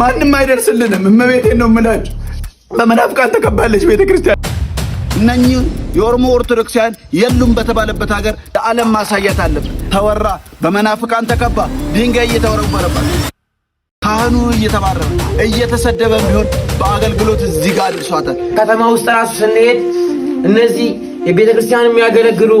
ማንም አይደርስልንም። እመቤቴ ነው የምላችሁ። በመናፍቃን ተከባለች ቤተክርስቲያን። እነኚህ የኦሮሞ ኦርቶዶክሳውያን የሉም በተባለበት ሀገር ለዓለም ማሳየት አለብን። ተወራ፣ በመናፍቃን ተከባ፣ ድንጋይ እየተወረወረባት፣ ካህኑ እየተባረረ እየተሰደበ ቢሆን በአገልግሎት እዚህ ጋር አድርሷታል። ከተማ ውስጥ ራሱ ስንሄድ እነዚህ የቤተክርስቲያን የሚያገለግሉ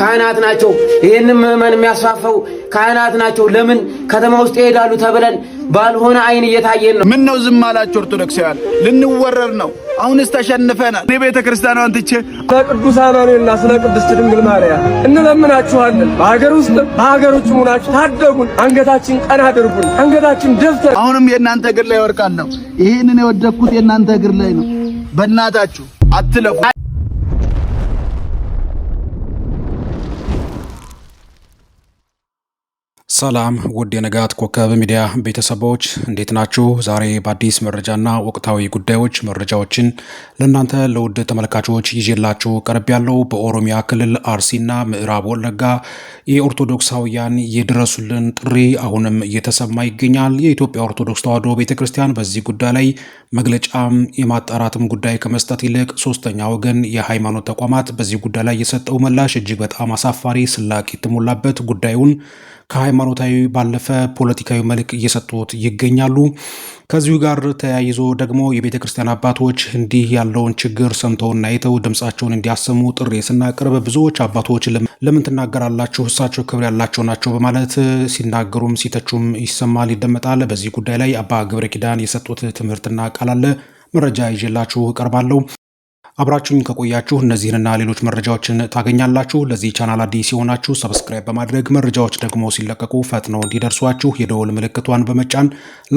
ካህናት ናቸው። ይህንም ምዕመን የሚያስፋፈው ካህናት ናቸው። ለምን ከተማ ውስጥ ይሄዳሉ ተብለን ባልሆነ አይን እየታየን ነው። ምን ነው ዝም አላችሁ ኦርቶዶክሳውያን? ልንወረር ነው። አሁንስ ተሸንፈናል። እኔ ቤተ ክርስቲያኗን ትቼ ስለ ቅዱስ አማኑኤልና ስለ ቅድስት ድንግል ማርያም እንለምናችኋለን። በሀገር ውስጥ በሀገር ውጭ ሙናችሁ ታደጉን፣ አንገታችን ቀና አድርጉን፣ አንገታችን ደፍተር። አሁንም የእናንተ እግር ላይ ወርቃለሁ። ይህንን የወደኩት የእናንተ እግር ላይ ነው። በእናታችሁ አትለፉ። ሰላም ውድ የንጋት ኮከብ ሚዲያ ቤተሰቦች እንዴት ናችሁ? ዛሬ በአዲስ መረጃና ወቅታዊ ጉዳዮች መረጃዎችን ለእናንተ ለውድ ተመልካቾች ይዤላችሁ ቀርብ ያለው በኦሮሚያ ክልል አርሲና ምዕራብ ወለጋ የኦርቶዶክሳውያን የድረሱልን ጥሪ አሁንም እየተሰማ ይገኛል። የኢትዮጵያ ኦርቶዶክስ ተዋሕዶ ቤተ ክርስቲያን በዚህ ጉዳይ ላይ መግለጫም የማጣራትም ጉዳይ ከመስጠት ይልቅ ሶስተኛ ወገን የሃይማኖት ተቋማት በዚህ ጉዳይ ላይ የሰጠው ምላሽ እጅግ በጣም አሳፋሪ፣ ስላቅ የተሞላበት ጉዳዩን ከሃይማኖት ሃይማኖታዊ ባለፈ ፖለቲካዊ መልክ እየሰጡት ይገኛሉ። ከዚሁ ጋር ተያይዞ ደግሞ የቤተ ክርስቲያን አባቶች እንዲህ ያለውን ችግር ሰምተውና አይተው ድምፃቸውን እንዲያሰሙ ጥሪ ስናቀርብ ብዙዎች አባቶች ለምን ትናገራላችሁ? እሳቸው ክብር ያላቸው ናቸው በማለት ሲናገሩም ሲተቹም ይሰማል፣ ይደመጣል። በዚህ ጉዳይ ላይ አባ ገብረ ኪዳን የሰጡት ትምህርትና ቃል አለ። መረጃ ይዤላችሁ እቀርባለሁ። አብራችሁኝ ከቆያችሁ እነዚህንና ሌሎች መረጃዎችን ታገኛላችሁ። ለዚህ ቻናል አዲስ የሆናችሁ ሰብስክራይብ በማድረግ መረጃዎች ደግሞ ሲለቀቁ ፈጥነው እንዲደርሷችሁ የደወል ምልክቷን በመጫን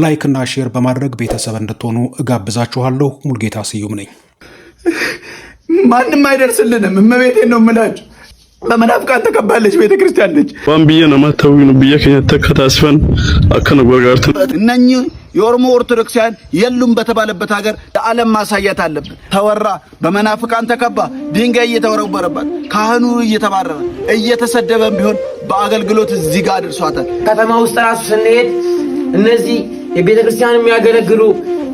ላይክና ሼር በማድረግ ቤተሰብ እንድትሆኑ እጋብዛችኋለሁ። ሙልጌታ ስዩም ነኝ። ማንም አይደርስልንም። እመቤቴን ነው የምላችሁ። በመናፍቃን ተቀባለች ቤተክርስቲያን ነች። ዋን ብዬ ነው ነው ብዬ ከኛ ተከታስፈን አከነ የኦሮሞ ኦርቶዶክሳውያን የሉም በተባለበት ሀገር ለዓለም ማሳየት አለብን። ተወራ፣ በመናፍቃን ተከባ፣ ድንጋይ እየተወረወረባት፣ ካህኑ እየተባረረ እየተሰደበን ቢሆን በአገልግሎት እዚህ ጋር አድርሷታል። ከተማ ውስጥ ራሱ ስንሄድ እነዚህ የቤተ ክርስቲያን የሚያገለግሉ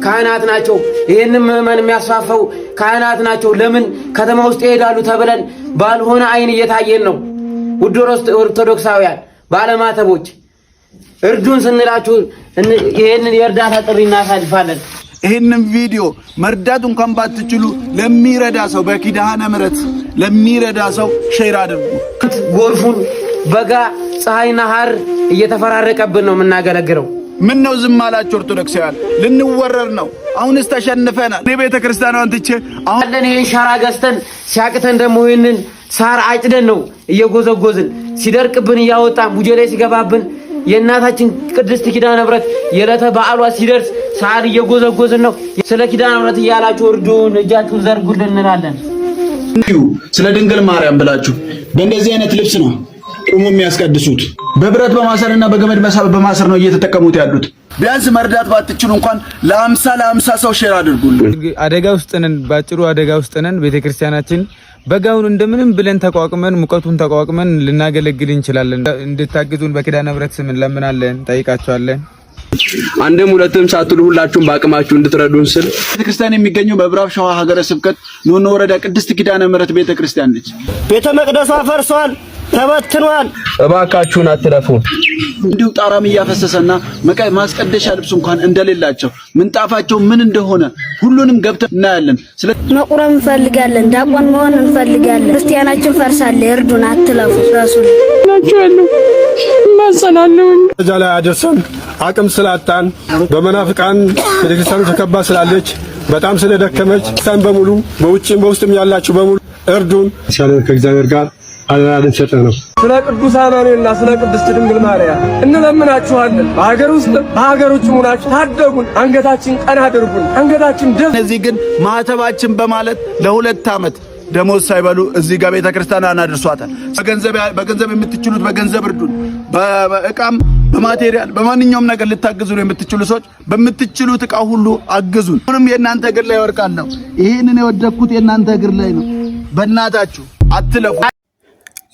ካህናት ናቸው። ይህንም ምዕመን የሚያስፋፈው ካህናት ናቸው። ለምን ከተማ ውስጥ ይሄዳሉ ተብለን ባልሆነ አይን እየታየን ነው። ውድ ኦርቶዶክሳውያን ባለማተቦች እርዱን ስንላችሁ ይህንን የእርዳታ ጥሪ እናሳልፋለን። ይህንን ቪዲዮ መርዳት እንኳን ባትችሉ ለሚረዳ ሰው በኪዳነ ምሕረት ለሚረዳ ሰው ሼር አድርጉ። ጎርፉን፣ በጋ፣ ፀሐይና ሐር እየተፈራረቀብን ነው የምናገለግለው። ምን ነው ዝም አላችሁ ኦርቶዶክሳውያን? ልንወረር ነው። አሁንስ ተሸንፈናል። እኔ ቤተ ክርስቲያኗን ትቼ አሁን ይህን ሸራ ገዝተን ሲያቅተን ደግሞ ይህንን ሳር አጭደን ነው እየጎዘጎዝን ሲደርቅብን እያወጣን ቡጀላይ ላይ ሲገባብን የእናታችን ቅድስት ኪዳነ ምሕረት የዕለተ በዓሏ ሲደርስ ሳር እየጎዘጎዝን ነው። ስለ ኪዳነ ምሕረት እያላችሁ እርዱን፣ እጃችሁን ዘርጉልን እንላለን። ስለ ድንግል ማርያም ብላችሁ በእንደዚህ አይነት ልብስ ነው ቁሙ የሚያስቀድሱት። በብረት በማሰርና በገመድ በማሰር ነው እየተጠቀሙት ያሉት። ቢያንስ መርዳት ባትችሉ እንኳን ለአምሳ ለአምሳ ሰው ሼር አድርጉልን። አደጋ ውስጥ ነን፣ ባጭሩ አደጋ ውስጥ ነን። ቤተክርስቲያናችን በጋውን እንደምንም ብለን ተቋቁመን ሙቀቱን ተቋቁመን ልናገለግል እንችላለን። እንድታግዙን በኪዳነ ምሕረት ስም እንለምናለን፣ ጠይቃቸዋለን። አንድም ሁለትም ሳትሉ ሁላችሁም በአቅማችሁ እንድትረዱን ስል ቤተክርስቲያን የሚገኘው በምዕራብ ሸዋ ሀገረ ስብከት ኖኖ ወረዳ ቅድስት ኪዳነ ምሕረት ቤተክርስቲያን ነች። ቤተ መቅደሷ ፈርሷል። ተበትኗል። እባካችሁን አትለፉ። እንዲሁ ጣራም እያፈሰሰና ማስቀደሻ ልብስ እንኳን እንደሌላቸው ምንጣፋቸው ምን እንደሆነ ሁሉንም ገብተን እናያለን። መቁረብ እንፈልጋለን። ዳቆን መሆን እንፈልጋለን። ክርስቲያናችን ፈርሳለ። እርዱን፣ አትለፉ። ረሱል ማሰናነውን ደረጃ ላይ አደርሰን አቅም ስላጣን በመናፍቃን ቤተክርስቲያኑ ተከባ ስላለች በጣም ስለደከመች ሳን በሙሉ በውጭም በውስጥም ያላችሁ በሙሉ እርዱን። ከእግዚአብሔር ጋር አደራ ልንሰጥህ ነው። ስለ ቅዱስ አማኑኤልና ስለ ቅድስት ድንግል ማርያም እንለምናችኋለን። በሀገር ውስጥ በሀገር ውጭ ሆናችሁ ታደጉን፣ አንገታችን ቀና አድርጉን፣ አንገታችን ደስ። እነዚህ ግን ማህተባችን በማለት ለሁለት ዓመት ደሞዝ ሳይበሉ እዚህ ጋር ቤተ ክርስቲያን አናድርሷታል። በገንዘብ የምትችሉት በገንዘብ እርዱን፣ በእቃም በማቴሪያል በማንኛውም ነገር ልታግዙ ነው የምትችሉ ሰዎች በምትችሉት እቃ ሁሉ አግዙን። ሁሉም የእናንተ እግር ላይ ወርቃለሁ። ይህንን የወደኩት የእናንተ እግር ላይ ነው። በእናታችሁ አትለፉ።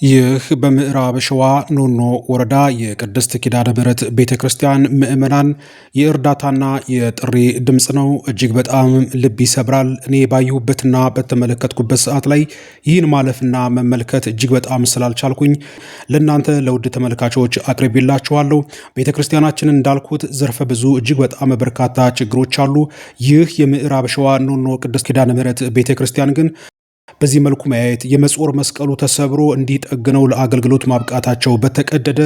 ይህ በምዕራብ ሸዋ ኖኖ ወረዳ የቅድስት ኪዳነ ምሕረት ቤተ ክርስቲያን ምዕመናን የእርዳታና የጥሪ ድምፅ ነው። እጅግ በጣም ልብ ይሰብራል። እኔ ባየሁበትና በተመለከትኩበት ሰዓት ላይ ይህን ማለፍና መመልከት እጅግ በጣም ስላልቻልኩኝ ለእናንተ ለውድ ተመልካቾች አቅርቤላችኋለሁ። ቤተ ክርስቲያናችን እንዳልኩት ዘርፈ ብዙ እጅግ በጣም በርካታ ችግሮች አሉ። ይህ የምዕራብ ሸዋ ኖኖ ቅድስት ኪዳነ ምሕረት ቤተ ክርስቲያን ግን በዚህ መልኩ ማየት የመጾር መስቀሉ ተሰብሮ እንዲጠግነው ለአገልግሎት ማብቃታቸው፣ በተቀደደ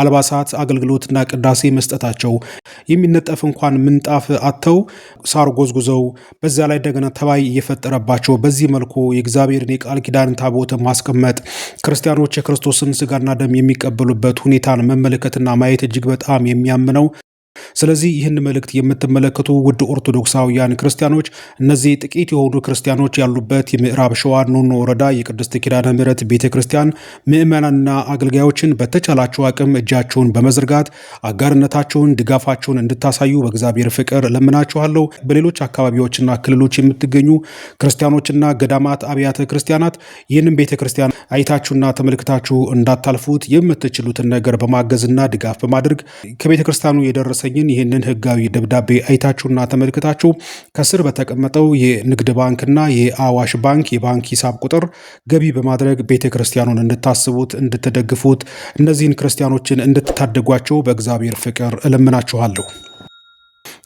አልባሳት አገልግሎትና ቅዳሴ መስጠታቸው፣ የሚነጠፍ እንኳን ምንጣፍ አጥተው ሳር ጎዝጉዘው በዛ ላይ እንደገና ተባይ እየፈጠረባቸው በዚህ መልኩ የእግዚአብሔርን የቃል ኪዳን ታቦት ማስቀመጥ ክርስቲያኖች የክርስቶስን ስጋና ደም የሚቀበሉበት ሁኔታን መመልከትና ማየት እጅግ በጣም የሚያምነው ስለዚህ ይህን መልእክት የምትመለከቱ ውድ ኦርቶዶክሳውያን ክርስቲያኖች እነዚህ ጥቂት የሆኑ ክርስቲያኖች ያሉበት የምዕራብ ሸዋ ኖኖ ወረዳ የቅድስት ኪዳነ ምሕረት ቤተ ክርስቲያን ምዕመናንና አገልጋዮችን በተቻላቸው አቅም እጃቸውን በመዝርጋት አጋርነታቸውን ድጋፋቸውን እንድታሳዩ በእግዚአብሔር ፍቅር ለምናችኋለሁ። በሌሎች አካባቢዎችና ክልሎች የምትገኙ ክርስቲያኖችና ገዳማት፣ አብያተ ክርስቲያናት ይህንም ቤተ ክርስቲያን አይታችሁና ተመልክታችሁ እንዳታልፉት የምትችሉትን ነገር በማገዝና ድጋፍ በማድረግ ከቤተ ክርስቲያኑ የደረሰ ያሰኝን ይህንን ህጋዊ ደብዳቤ አይታችሁና ተመልክታችሁ ከስር በተቀመጠው የንግድ ባንክና የአዋሽ ባንክ የባንክ ሂሳብ ቁጥር ገቢ በማድረግ ቤተ ክርስቲያኑን እንድታስቡት፣ እንድትደግፉት፣ እነዚህን ክርስቲያኖችን እንድትታደጓቸው በእግዚአብሔር ፍቅር እለምናችኋለሁ።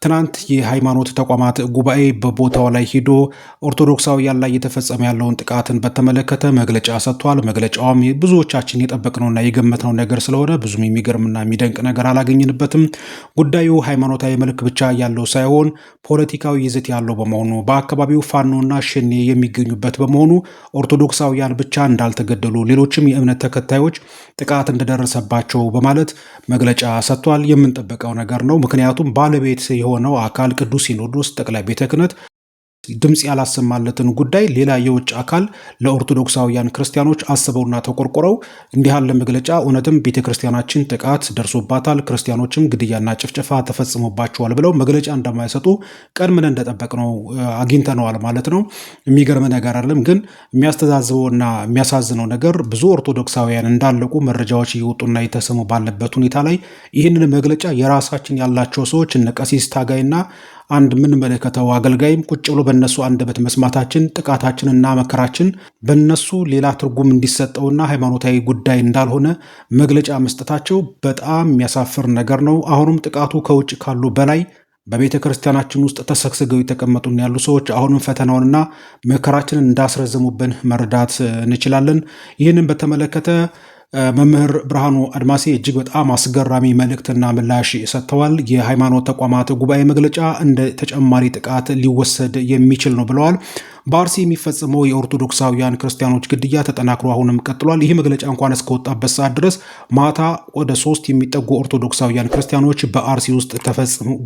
ትናንት የሃይማኖት ተቋማት ጉባኤ በቦታው ላይ ሄዶ ኦርቶዶክሳውያን ላይ እየተፈጸመ ያለውን ጥቃትን በተመለከተ መግለጫ ሰጥቷል። መግለጫውም ብዙዎቻችን የጠበቅነውና የገመትነው ነገር ስለሆነ ብዙም የሚገርምና የሚደንቅ ነገር አላገኘንበትም። ጉዳዩ ሃይማኖታዊ መልክ ብቻ ያለው ሳይሆን ፖለቲካዊ ይዘት ያለው በመሆኑ በአካባቢው ፋኖና ሸኔ የሚገኙበት በመሆኑ ኦርቶዶክሳውያን ብቻ እንዳልተገደሉ ሌሎችም የእምነት ተከታዮች ጥቃት እንደደረሰባቸው በማለት መግለጫ ሰጥቷል። የምንጠበቀው ነገር ነው። ምክንያቱም ባለቤት የሆነው አካል ቅዱስ ሲኖዶስ ጠቅላይ ቤተ ክህነት ድምፅ ያላሰማለትን ጉዳይ ሌላ የውጭ አካል ለኦርቶዶክሳውያን ክርስቲያኖች አስበውና ተቆርቆረው እንዲህ ያለ መግለጫ እውነትም ቤተ ክርስቲያናችን ጥቃት ደርሶባታል፣ ክርስቲያኖችም ግድያና ጭፍጨፋ ተፈጽሞባቸዋል ብለው መግለጫ እንደማይሰጡ ቀድመን እንደጠበቅነው አግኝተነዋል ማለት ነው። የሚገርም ነገር አይደለም። ግን የሚያስተዛዝበውና የሚያሳዝነው ነገር ብዙ ኦርቶዶክሳውያን እንዳለቁ መረጃዎች እየወጡና የተሰሙ ባለበት ሁኔታ ላይ ይህንን መግለጫ የራሳችን ያላቸው ሰዎች እነ ቀሲስ ታጋይና አንድ የምንመለከተው አገልጋይም ቁጭ ብሎ በእነሱ አንደበት መስማታችን ጥቃታችንና መከራችን በእነሱ ሌላ ትርጉም እንዲሰጠውና ሃይማኖታዊ ጉዳይ እንዳልሆነ መግለጫ መስጠታቸው በጣም የሚያሳፍር ነገር ነው። አሁንም ጥቃቱ ከውጭ ካሉ በላይ በቤተ ክርስቲያናችን ውስጥ ተሰግስገው የተቀመጡን ያሉ ሰዎች አሁንም ፈተናውንና መከራችንን እንዳስረዘሙብን መረዳት እንችላለን። ይህንን በተመለከተ መምህር ብርሃኑ አድማሴ እጅግ በጣም አስገራሚ መልእክትና ምላሽ ሰጥተዋል። የሃይማኖት ተቋማት ጉባኤ መግለጫ እንደ ተጨማሪ ጥቃት ሊወሰድ የሚችል ነው ብለዋል። በአርሲ የሚፈጸመው የኦርቶዶክሳውያን ክርስቲያኖች ግድያ ተጠናክሮ አሁንም ቀጥሏል። ይህ መግለጫ እንኳን እስከወጣበት ሰዓት ድረስ ማታ ወደ ሶስት የሚጠጉ ኦርቶዶክሳውያን ክርስቲያኖች በአርሲ ውስጥ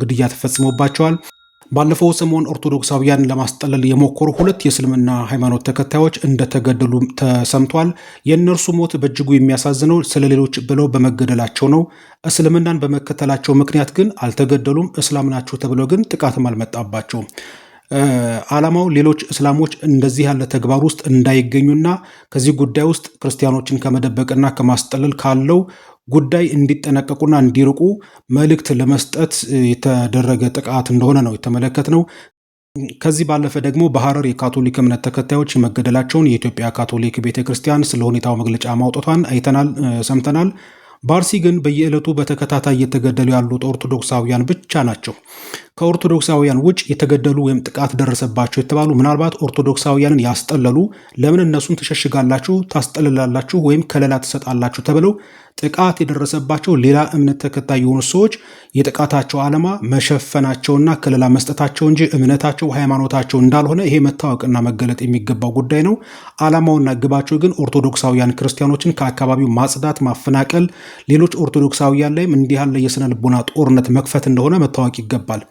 ግድያ ተፈጽሞባቸዋል። ባለፈው ሰሞን ኦርቶዶክሳውያን ለማስጠለል የሞከሩ ሁለት የእስልምና ሃይማኖት ተከታዮች እንደተገደሉ ተሰምቷል። የእነርሱ ሞት በእጅጉ የሚያሳዝነው ስለሌሎች ብለው በመገደላቸው ነው። እስልምናን በመከተላቸው ምክንያት ግን አልተገደሉም። እስላም ናቸው ተብለው ግን ጥቃትም አልመጣባቸውም። ዓላማው ሌሎች እስላሞች እንደዚህ ያለ ተግባር ውስጥ እንዳይገኙና ከዚህ ጉዳይ ውስጥ ክርስቲያኖችን ከመደበቅና ከማስጠለል ካለው ጉዳይ እንዲጠነቀቁና እንዲርቁ መልእክት ለመስጠት የተደረገ ጥቃት እንደሆነ ነው የተመለከትነው። ከዚህ ባለፈ ደግሞ በሐረር የካቶሊክ እምነት ተከታዮች መገደላቸውን የኢትዮጵያ ካቶሊክ ቤተ ክርስቲያን ስለ ሁኔታው መግለጫ ማውጣቷን አይተናል፣ ሰምተናል። በአርሲ ግን በየዕለቱ በተከታታይ እየተገደሉ ያሉት ኦርቶዶክሳውያን ብቻ ናቸው። ከኦርቶዶክሳውያን ውጭ የተገደሉ ወይም ጥቃት ደረሰባቸው የተባሉ ምናልባት ኦርቶዶክሳውያንን ያስጠለሉ ለምን እነሱን ትሸሽጋላችሁ፣ ታስጠልላላችሁ ወይም ከለላ ትሰጣላችሁ ተብለው ጥቃት የደረሰባቸው ሌላ እምነት ተከታይ የሆኑ ሰዎች የጥቃታቸው ዓላማ መሸፈናቸውና ከለላ መስጠታቸው እንጂ እምነታቸው፣ ሃይማኖታቸው እንዳልሆነ ይሄ መታወቅና መገለጥ የሚገባው ጉዳይ ነው። ዓላማውና ግባቸው ግን ኦርቶዶክሳውያን ክርስቲያኖችን ከአካባቢው ማጽዳት፣ ማፈናቀል፣ ሌሎች ኦርቶዶክሳውያን ላይም እንዲህ ያለ የስነ ልቦና ጦርነት መክፈት እንደሆነ መታወቅ ይገባል።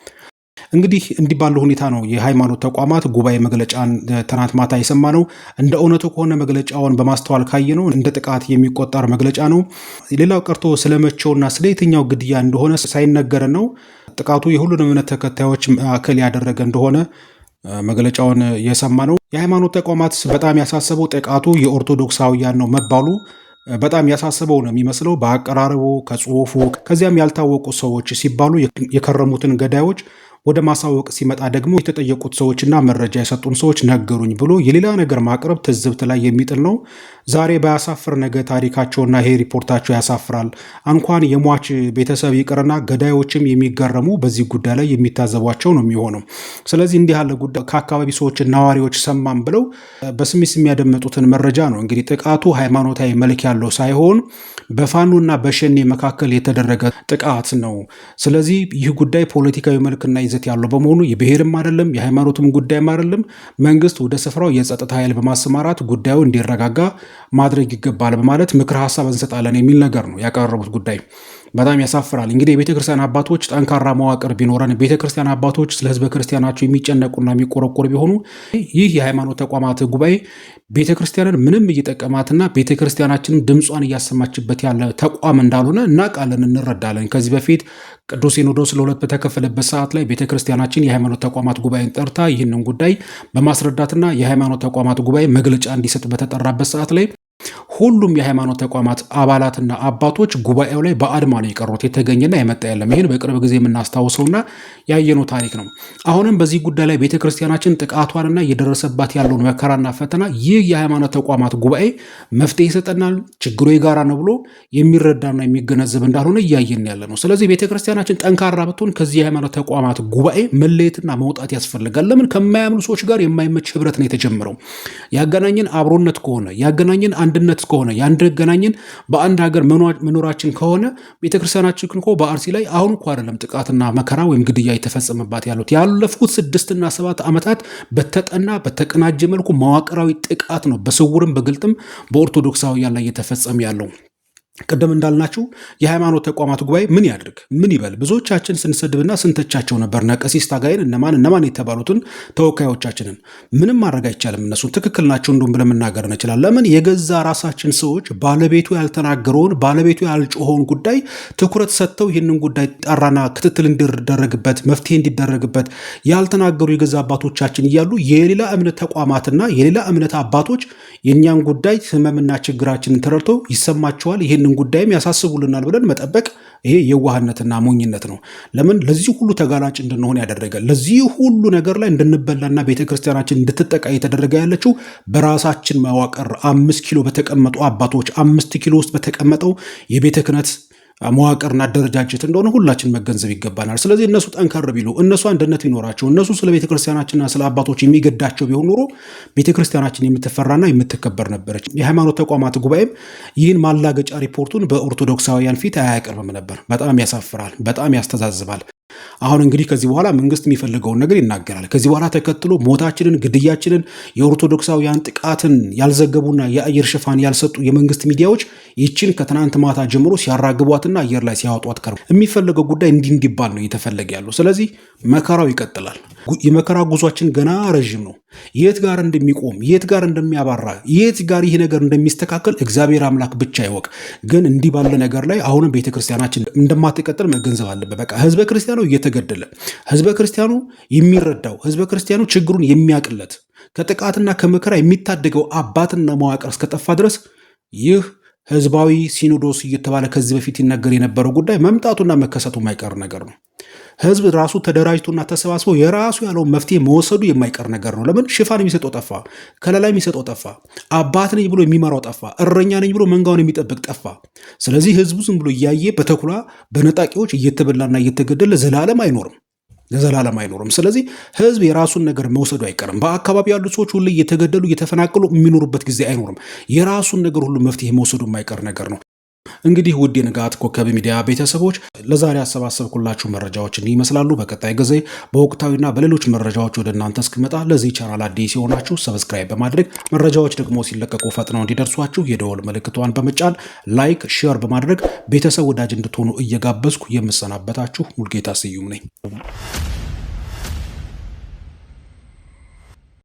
እንግዲህ እንዲህ ባለ ሁኔታ ነው የሃይማኖት ተቋማት ጉባኤ መግለጫን ትናንት ማታ የሰማ ነው። እንደ እውነቱ ከሆነ መግለጫውን በማስተዋል ካየ ነው እንደ ጥቃት የሚቆጠር መግለጫ ነው። ሌላው ቀርቶ ስለመቼውና ስለ የትኛው ግድያ እንደሆነ ሳይነገር ነው ጥቃቱ የሁሉንም እምነት ተከታዮች ማዕከል ያደረገ እንደሆነ መግለጫውን የሰማ ነው። የሃይማኖት ተቋማት በጣም ያሳሰበው ጥቃቱ የኦርቶዶክሳውያን ነው መባሉ በጣም ያሳሰበው ነው የሚመስለው። በአቀራረቡ ከጽሁፉ ከዚያም ያልታወቁ ሰዎች ሲባሉ የከረሙትን ገዳዮች ወደ ማሳወቅ ሲመጣ ደግሞ የተጠየቁት ሰዎችና መረጃ የሰጡን ሰዎች ነገሩኝ ብሎ የሌላ ነገር ማቅረብ ትዝብት ላይ የሚጥል ነው። ዛሬ ባያሳፍር ነገ ታሪካቸውና ይሄ ሪፖርታቸው ያሳፍራል። እንኳን የሟች ቤተሰብ ይቅርና ገዳዮችም የሚገረሙ በዚህ ጉዳይ ላይ የሚታዘቧቸው ነው የሚሆነው። ስለዚህ እንዲህ ያለ ጉዳይ ከአካባቢ ሰዎች ነዋሪዎች ሰማም ብለው በስሚስ የሚያደመጡትን መረጃ ነው እንግዲህ ጥቃቱ ሃይማኖታዊ መልክ ያለው ሳይሆን በፋኖና በሸኔ መካከል የተደረገ ጥቃት ነው። ስለዚህ ይህ ጉዳይ ፖለቲካዊ መልክና ይዘት ያለው በመሆኑ የብሔርም አይደለም የሃይማኖትም ጉዳይም አይደለም። መንግስት ወደ ስፍራው የጸጥታ ኃይል በማሰማራት ጉዳዩ እንዲረጋጋ ማድረግ ይገባል በማለት ምክር ሀሳብ እንሰጣለን የሚል ነገር ነው ያቀረቡት ጉዳይ በጣም ያሳፍራል። እንግዲህ የቤተ ክርስቲያን አባቶች ጠንካራ መዋቅር ቢኖረን ቤተ ክርስቲያን አባቶች ስለ ህዝበ ክርስቲያናቸው የሚጨነቁና የሚቆረቆር ቢሆኑ ይህ የሃይማኖት ተቋማት ጉባኤ ቤተ ክርስቲያንን ምንም እየጠቀማትና ቤተ ክርስቲያናችንም ድምጿን እያሰማችበት ያለ ተቋም እንዳልሆነ እናውቃለን፣ እንረዳለን። ከዚህ በፊት ቅዱስ ሲኖዶስ ለሁለት በተከፈለበት ሰዓት ላይ ቤተ ክርስቲያናችን የሃይማኖት ተቋማት ጉባኤን ጠርታ ይህንን ጉዳይ በማስረዳትና የሃይማኖት ተቋማት ጉባኤ መግለጫ እንዲሰጥ በተጠራበት ሰዓት ላይ ሁሉም የሃይማኖት ተቋማት አባላትና አባቶች ጉባኤው ላይ በአድማ ነው የቀሩት። የተገኘና የመጣ የለም። ይህን በቅርብ ጊዜ የምናስታውሰውና ያየነው ታሪክ ነው። አሁንም በዚህ ጉዳይ ላይ ቤተክርስቲያናችን ጥቃቷንና እየደረሰባት ያለውን መከራና ፈተና ይህ የሃይማኖት ተቋማት ጉባኤ መፍትሄ ይሰጠናል፣ ችግሩ የጋራ ነው ብሎ የሚረዳና የሚገነዘብ እንዳልሆነ እያየን ያለ ነው። ስለዚህ ቤተክርስቲያናችን ጠንካራ ብትሆን ከዚህ የሃይማኖት ተቋማት ጉባኤ መለየትና መውጣት ያስፈልጋል። ለምን ከማያምኑ ሰዎች ጋር የማይመች ህብረት ነው የተጀመረው። ያገናኘን አብሮነት ከሆነ ያገናኘን አንድነት ከሆነ ያንደገናኝን በአንድ ሀገር መኖራችን ከሆነ ቤተክርስቲያናችን እኮ በአርሲ ላይ አሁን እኮ አይደለም ጥቃትና መከራ ወይም ግድያ የተፈጸመባት ያሉት ያለፉት ስድስትና ሰባት ዓመታት በተጠና በተቀናጀ መልኩ መዋቅራዊ ጥቃት ነው በስውርም በግልጥም በኦርቶዶክሳውያን ላይ እየተፈጸመ ያለው። ቅድም እንዳልናችሁ የሃይማኖት ተቋማት ጉባኤ ምን ያድርግ ምን ይበል? ብዙዎቻችን ስንሰድብና ስንተቻቸው ነበር። ቀሲስ ታጋይን እነማን እነማን የተባሉትን ተወካዮቻችንን ምንም ማድረግ አይቻልም። እነሱን ትክክል ናቸው እንዲሁም ብለን መናገር ለምን የገዛ ራሳችን ሰዎች ባለቤቱ ያልተናገረውን ባለቤቱ ያልጮኸውን ጉዳይ ትኩረት ሰጥተው ይህንን ጉዳይ ጠራና ክትትል እንዲደረግበት መፍትሄ እንዲደረግበት ያልተናገሩ የገዛ አባቶቻችን እያሉ የሌላ እምነት ተቋማትና የሌላ እምነት አባቶች የእኛን ጉዳይ ህመምና ችግራችንን ተረድተው ይሰማቸዋል ይህን ይህንን ጉዳይም ያሳስቡልናል ብለን መጠበቅ ይሄ የዋህነትና ሞኝነት ነው። ለምን ለዚህ ሁሉ ተጋላጭ እንድንሆን ያደረገ ለዚህ ሁሉ ነገር ላይ እንድንበላና ቤተ ክርስቲያናችን እንድትጠቃ የተደረገ ያለችው በራሳችን መዋቅር አምስት ኪሎ በተቀመጡ አባቶች አምስት ኪሎ ውስጥ በተቀመጠው የቤተ ክህነት መዋቅርና አደረጃጀት እንደሆነ ሁላችን መገንዘብ ይገባናል። ስለዚህ እነሱ ጠንከር ቢሉ፣ እነሱ አንድነት ቢኖራቸው፣ እነሱ ስለ ቤተክርስቲያናችንና ስለ አባቶች የሚገዳቸው ቢሆን ኖሮ ቤተክርስቲያናችን የምትፈራና የምትከበር ነበረች። የሃይማኖት ተቋማት ጉባኤም ይህን ማላገጫ ሪፖርቱን በኦርቶዶክሳውያን ፊት አያቀርብም ነበር። በጣም ያሳፍራል። በጣም ያስተዛዝባል። አሁን እንግዲህ ከዚህ በኋላ መንግስት የሚፈልገውን ነገር ይናገራል። ከዚህ በኋላ ተከትሎ ሞታችንን፣ ግድያችንን፣ የኦርቶዶክሳውያን ጥቃትን ያልዘገቡና የአየር ሽፋን ያልሰጡ የመንግስት ሚዲያዎች ይችን ከትናንት ማታ ጀምሮ ሲያራግቧትና አየር ላይ ሲያወጧት ቀርቡ። የሚፈለገው ጉዳይ እንዲህ እንዲባል ነው እየተፈለገ ያለው። ስለዚህ መከራው ይቀጥላል። የመከራ ጉዟችን ገና ረዥም ነው። የት ጋር እንደሚቆም የት ጋር እንደሚያባራ የት ጋር ይህ ነገር እንደሚስተካከል እግዚአብሔር አምላክ ብቻ ይወቅ። ግን እንዲህ ባለ ነገር ላይ አሁንም ቤተክርስቲያናችን እንደማትቀጥል መገንዘብ አለበት። በቃ ህዝበ ክርስቲያኑ እየተገደለ ህዝበ ክርስቲያኑ የሚረዳው ህዝበ ክርስቲያኑ ችግሩን የሚያቅለት ከጥቃትና ከመከራ የሚታደገው አባትና መዋቅር እስከጠፋ ድረስ ይህ ህዝባዊ ሲኖዶስ እየተባለ ከዚህ በፊት ይነገር የነበረው ጉዳይ መምጣቱና መከሰቱ የማይቀር ነገር ነው። ህዝብ ራሱ ተደራጅቶና ተሰባስቦ የራሱ ያለውን መፍትሄ መወሰዱ የማይቀር ነገር ነው። ለምን ሽፋን የሚሰጠው ጠፋ፣ ከለላ የሚሰጠው ጠፋ፣ አባት ነኝ ብሎ የሚመራው ጠፋ፣ እረኛ ነኝ ብሎ መንጋውን የሚጠብቅ ጠፋ። ስለዚህ ህዝቡ ዝም ብሎ እያየ በተኩላ በነጣቂዎች እየተበላና እየተገደለ ዘላለም አይኖርም ለዘላለም አይኖርም። ስለዚህ ህዝብ የራሱን ነገር መውሰዱ አይቀርም። በአካባቢ ያሉ ሰዎች ሁሉ እየተገደሉ እየተፈናቀሉ የሚኖሩበት ጊዜ አይኖርም። የራሱን ነገር ሁሉ መፍትሄ መውሰዱ የማይቀር ነገር ነው። እንግዲህ ውድ የንጋት ኮከብ ሚዲያ ቤተሰቦች ለዛሬ አሰባሰብኩላችሁ መረጃዎች እንዲህ ይመስላሉ። በቀጣይ ጊዜ በወቅታዊና በሌሎች መረጃዎች ወደ እናንተ እስክመጣ ለዚህ ቻናል አዲስ የሆናችሁ ሰብስክራይብ በማድረግ መረጃዎች ደግሞ ሲለቀቁ ፈጥነው እንዲደርሷችሁ የደወል ምልክቷን በመጫን ላይክ፣ ሼር በማድረግ ቤተሰብ ወዳጅ እንድትሆኑ እየጋበዝኩ የምሰናበታችሁ ሙልጌታ ስዩም ነኝ።